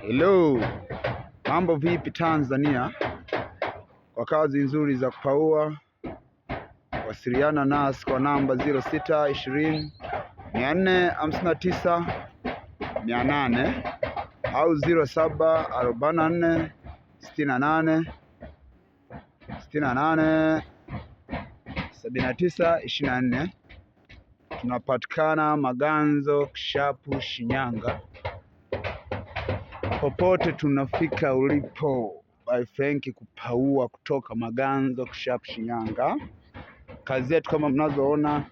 Hello, mambo vipi Tanzania? Kwa kazi nzuri za kupaua, wasiliana nasi kwa namba 06 459 800 au 07 68 79 24. Tunapatikana Maganzo Kishapu, Shinyanga. Popote tunafika ulipo by Frank Kupaua kutoka Maganzo Kishapu Shinyanga. Kazi yetu kama mnazoona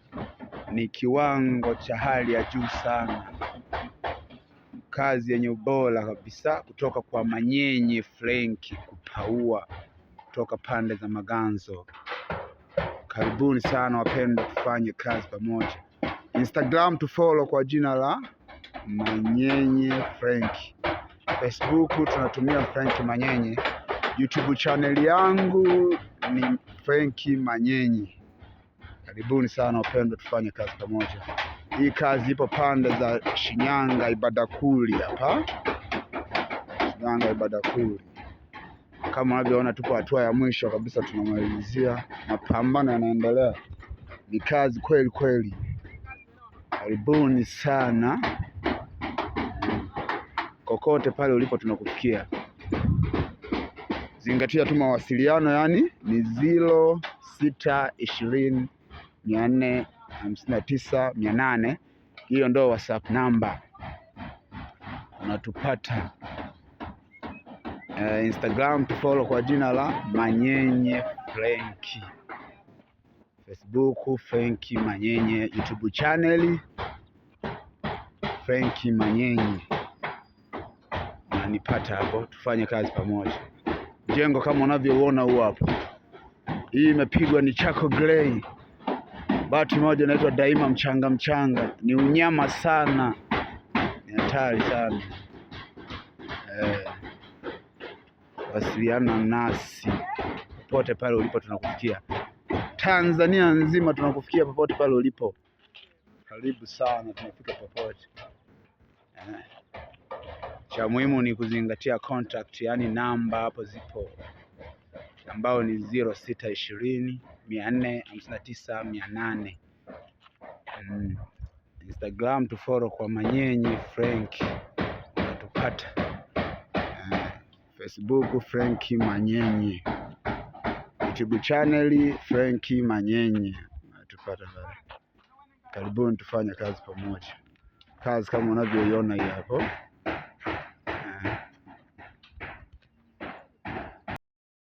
ni kiwango cha hali ya juu sana, kazi yenye ubora kabisa kutoka kwa Manyenye Frank Kupaua kutoka pande za Maganzo. Karibuni sana wapendwa, tufanye kazi pamoja. Instagram tufollow kwa jina la Manyenye Frank. Facebook tunatumia Frank Manyenye. YouTube channel yangu ni Frank Manyenye. Karibuni sana wapendwa, tufanye kazi pamoja. Hii kazi ipo pande za Shinyanga Ibadakuli hapa, Shinyanga Ibadakuli. Kama unavyoona, tupo hatua ya mwisho kabisa, tunamalizia. Mapambano yanaendelea, ni kazi kweli kweli. Karibuni sana kokote pale ulipo tunakufikia. Zingatia tu mawasiliano, yani ni ziro sita ishirini mia nne hamsini na tisa mia nane. Hiyo ndo WhatsApp namba unatupata. Uh, Instagram tufollow kwa jina la Manyenye Frenki, Facebook Frenki Manyenye, YouTube channel Frenki Manyenye utanipata hapo, tufanye kazi pamoja. Jengo kama unavyoona huu hapo, hii imepigwa ni Chako Grey, bati moja inaitwa Daima mchanga mchanga, ni unyama sana, ni hatari sana eh. Wasiliana nasi popote pale ulipo, tunakufikia Tanzania nzima, tunakufikia popote pale ulipo. Karibu sana, tunafika popote eh. Cha muhimu ni kuzingatia contact, yani namba hapo zipo ambao ni 0620459800. sita ishirini mia nne na tisa mia nane. Mm. kwa Manyenye Frank unatupata. Eh, Facebook Frank Manyenye, YouTube channel Frank Manyenye unatupata. Karibuni tufanye kazi pamoja, kazi kama unavyoiona hii hapo.